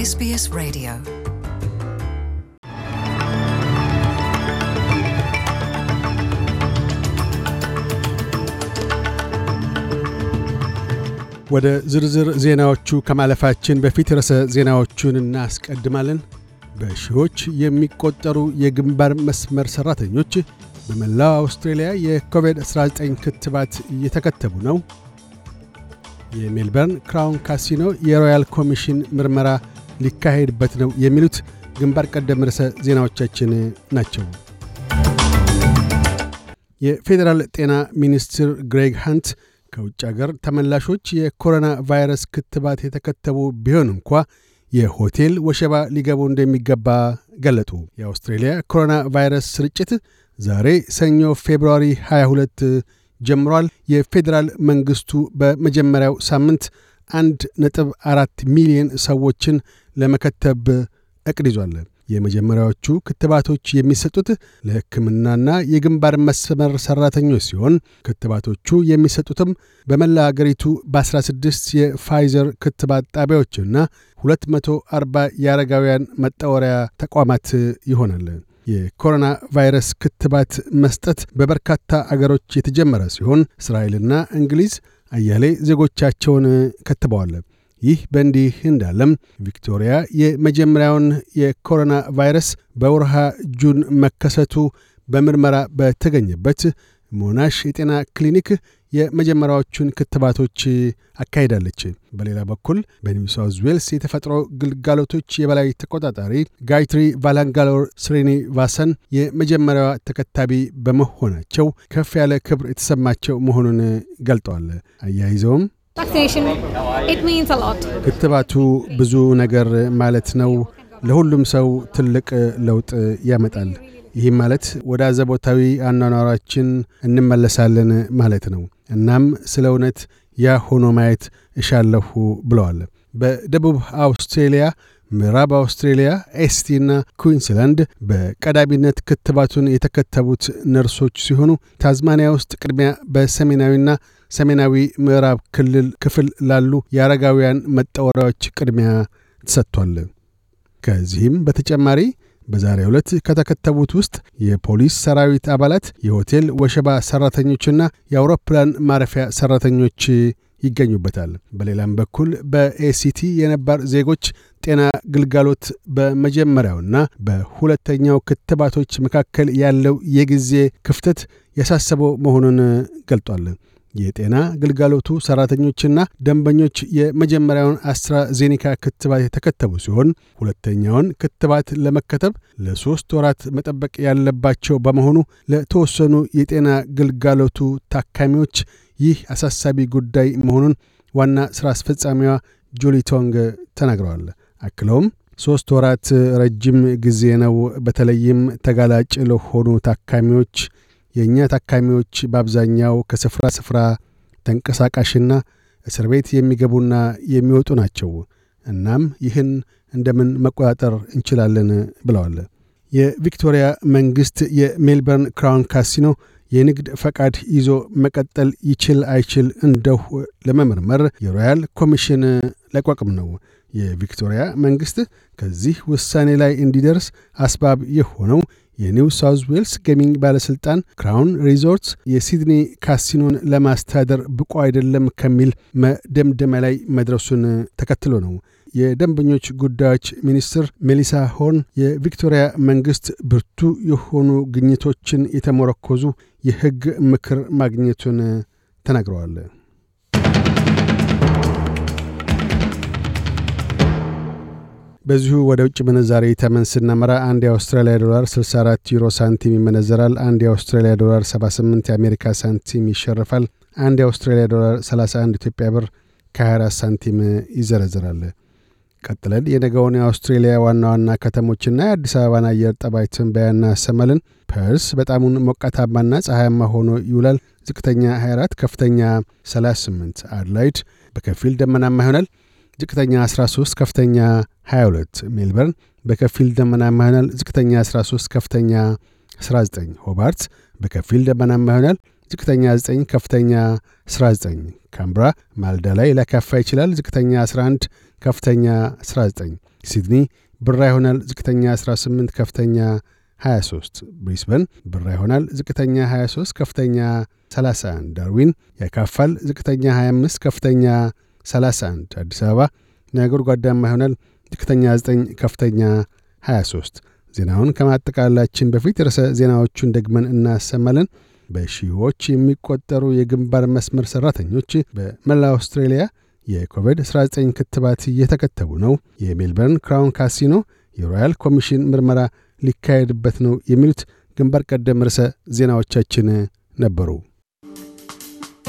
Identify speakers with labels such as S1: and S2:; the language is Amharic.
S1: SBS Radio ወደ ዝርዝር ዜናዎቹ ከማለፋችን በፊት ርዕሰ ዜናዎቹን እናስቀድማለን። በሺዎች የሚቆጠሩ የግንባር መስመር ሠራተኞች በመላው አውስትሬልያ የኮቪድ-19 ክትባት እየተከተቡ ነው። የሜልበርን ክራውን ካሲኖ የሮያል ኮሚሽን ምርመራ ሊካሄድበት ነው የሚሉት ግንባር ቀደም ርዕሰ ዜናዎቻችን ናቸው። የፌዴራል ጤና ሚኒስትር ግሬግ ሃንት ከውጭ አገር ተመላሾች የኮሮና ቫይረስ ክትባት የተከተቡ ቢሆን እንኳ የሆቴል ወሸባ ሊገቡ እንደሚገባ ገለጡ። የአውስትሬልያ ኮሮና ቫይረስ ስርጭት ዛሬ ሰኞ ፌብርዋሪ 22 ጀምሯል። የፌዴራል መንግሥቱ በመጀመሪያው ሳምንት አንድ ነጥብ አራት ሚሊዮን ሰዎችን ለመከተብ እቅድ ይዟል። የመጀመሪያዎቹ ክትባቶች የሚሰጡት ለሕክምናና የግንባር መስመር ሠራተኞች ሲሆን ክትባቶቹ የሚሰጡትም በመላ አገሪቱ በ16 የፋይዘር ክትባት ጣቢያዎችና 240 የአረጋውያን መጣወሪያ ተቋማት ይሆናል። የኮሮና ቫይረስ ክትባት መስጠት በበርካታ አገሮች የተጀመረ ሲሆን እስራኤልና እንግሊዝ አያሌ ዜጎቻቸውን ከትበዋል። ይህ በእንዲህ እንዳለም ቪክቶሪያ የመጀመሪያውን የኮሮና ቫይረስ በወርሃ ጁን መከሰቱ በምርመራ በተገኘበት ሞናሽ የጤና ክሊኒክ የመጀመሪያዎቹን ክትባቶች አካሂዳለች። በሌላ በኩል በኒው ሳውዝ ዌልስ የተፈጥሮ ግልጋሎቶች የበላይ ተቆጣጣሪ ጋይትሪ ቫላንጋሎር ስሪኒቫሰን የመጀመሪያዋ ተከታቢ በመሆናቸው ከፍ ያለ ክብር የተሰማቸው መሆኑን ገልጠዋል። አያይዘውም ክትባቱ ብዙ ነገር ማለት ነው። ለሁሉም ሰው ትልቅ ለውጥ ያመጣል። ይህም ማለት ወደ አዘቦታዊ አኗኗራችን እንመለሳለን ማለት ነው። እናም ስለ እውነት ያ ሆኖ ማየት እሻለሁ ብለዋል። በደቡብ አውስትሬሊያ ምዕራብ አውስትሬሊያ ኤስቲና ኩዊንስላንድ በቀዳሚነት ክትባቱን የተከተቡት ነርሶች ሲሆኑ ታዝማኒያ ውስጥ ቅድሚያ በሰሜናዊና ሰሜናዊ ምዕራብ ክልል ክፍል ላሉ የአረጋውያን መጠወሪያዎች ቅድሚያ ተሰጥቷል። ከዚህም በተጨማሪ በዛሬ ዕለት ከተከተቡት ውስጥ የፖሊስ ሰራዊት አባላት፣ የሆቴል ወሸባ ሠራተኞችና የአውሮፕላን ማረፊያ ሠራተኞች ይገኙበታል። በሌላም በኩል በኤሲቲ የነባር ዜጎች ጤና ግልጋሎት በመጀመሪያውና በሁለተኛው ክትባቶች መካከል ያለው የጊዜ ክፍተት ያሳሰበው መሆኑን ገልጧል። የጤና ግልጋሎቱ ሰራተኞችና ደንበኞች የመጀመሪያውን አስትራዜኒካ ክትባት የተከተቡ ሲሆን ሁለተኛውን ክትባት ለመከተብ ለሶስት ወራት መጠበቅ ያለባቸው በመሆኑ ለተወሰኑ የጤና ግልጋሎቱ ታካሚዎች ይህ አሳሳቢ ጉዳይ መሆኑን ዋና ሥራ አስፈጻሚዋ ጆሊ ቶንግ ተናግረዋል። አክለውም ሦስት ወራት ረጅም ጊዜ ነው። በተለይም ተጋላጭ ለሆኑ ታካሚዎች የእኛ ታካሚዎች በአብዛኛው ከስፍራ ስፍራ ተንቀሳቃሽና እስር ቤት የሚገቡና የሚወጡ ናቸው። እናም ይህን እንደምን መቆጣጠር እንችላለን ብለዋል። የቪክቶሪያ መንግሥት የሜልበርን ክራውን ካሲኖ የንግድ ፈቃድ ይዞ መቀጠል ይችል አይችል እንደሁ ለመመርመር የሮያል ኮሚሽን ለቋቅም ነው። የቪክቶሪያ መንግሥት ከዚህ ውሳኔ ላይ እንዲደርስ አስባብ የሆነው የኒው ሳውዝ ዌልስ ጌሚንግ ባለሥልጣን ክራውን ሪዞርትስ የሲድኒ ካሲኖን ለማስተዳደር ብቁ አይደለም ከሚል መደምደመ ላይ መድረሱን ተከትሎ ነው። የደንበኞች ጉዳዮች ሚኒስትር ሜሊሳ ሆርን የቪክቶሪያ መንግሥት ብርቱ የሆኑ ግኝቶችን የተሞረኮዙ የሕግ ምክር ማግኘቱን ተናግረዋል። በዚሁ ወደ ውጭ ምንዛሬ ተመን ስናመራ አንድ የአውስትራሊያ ዶላር 64 ዩሮ ሳንቲም ይመነዘራል። አንድ የአውስትራሊያ ዶላር 78 የአሜሪካ ሳንቲም ይሸርፋል። አንድ የአውስትራሊያ ዶላር 31 ኢትዮጵያ ብር ከ24 ሳንቲም ይዘረዝራል። ቀጥለን የነገውን የአውስትሬሊያ ዋና ዋና ከተሞችና የአዲስ አበባን አየር ጠባይ ትንበያ እናሰማለን። ፐርስ በጣሙን ሞቃታማና ፀሐያማ ሆኖ ይውላል። ዝቅተኛ 24፣ ከፍተኛ 38። አድላይድ በከፊል ደመናማ ይሆናል። ዝቅተኛ 13 ከፍተኛ 22 ሜልበርን በከፊል ደመናማ ይሆናል። ዝቅተኛ 13 ከፍተኛ 19 ሆባርት በከፊል ደመናማ ይሆናል። ዝቅተኛ 9 ከፍተኛ 19 ካምብራ ማልዳ ላይ ሊያካፋ ይችላል። ዝቅተኛ 11 ከፍተኛ 19 ሲድኒ ብራ ይሆናል። ዝቅተኛ 18 ከፍተኛ 23 ብሪስበን ብራ ይሆናል። ዝቅተኛ 23 ከፍተኛ 31 ዳርዊን ያካፋል። ዝቅተኛ 25 ከፍተኛ 31 አዲስ አበባ ነጎድጓዳማ ይሆናል። ዝቅተኛ 9 ከፍተኛ 23። ዜናውን ከማጠቃላችን በፊት ርዕሰ ዜናዎቹን ደግመን እናሰማለን። በሺዎች የሚቆጠሩ የግንባር መስመር ሠራተኞች በመላ አውስትራሊያ የኮቪድ-19 ክትባት እየተከተቡ ነው። የሜልበርን ክራውን ካሲኖ የሮያል ኮሚሽን ምርመራ ሊካሄድበት ነው። የሚሉት ግንባር ቀደም ርዕሰ ዜናዎቻችን ነበሩ።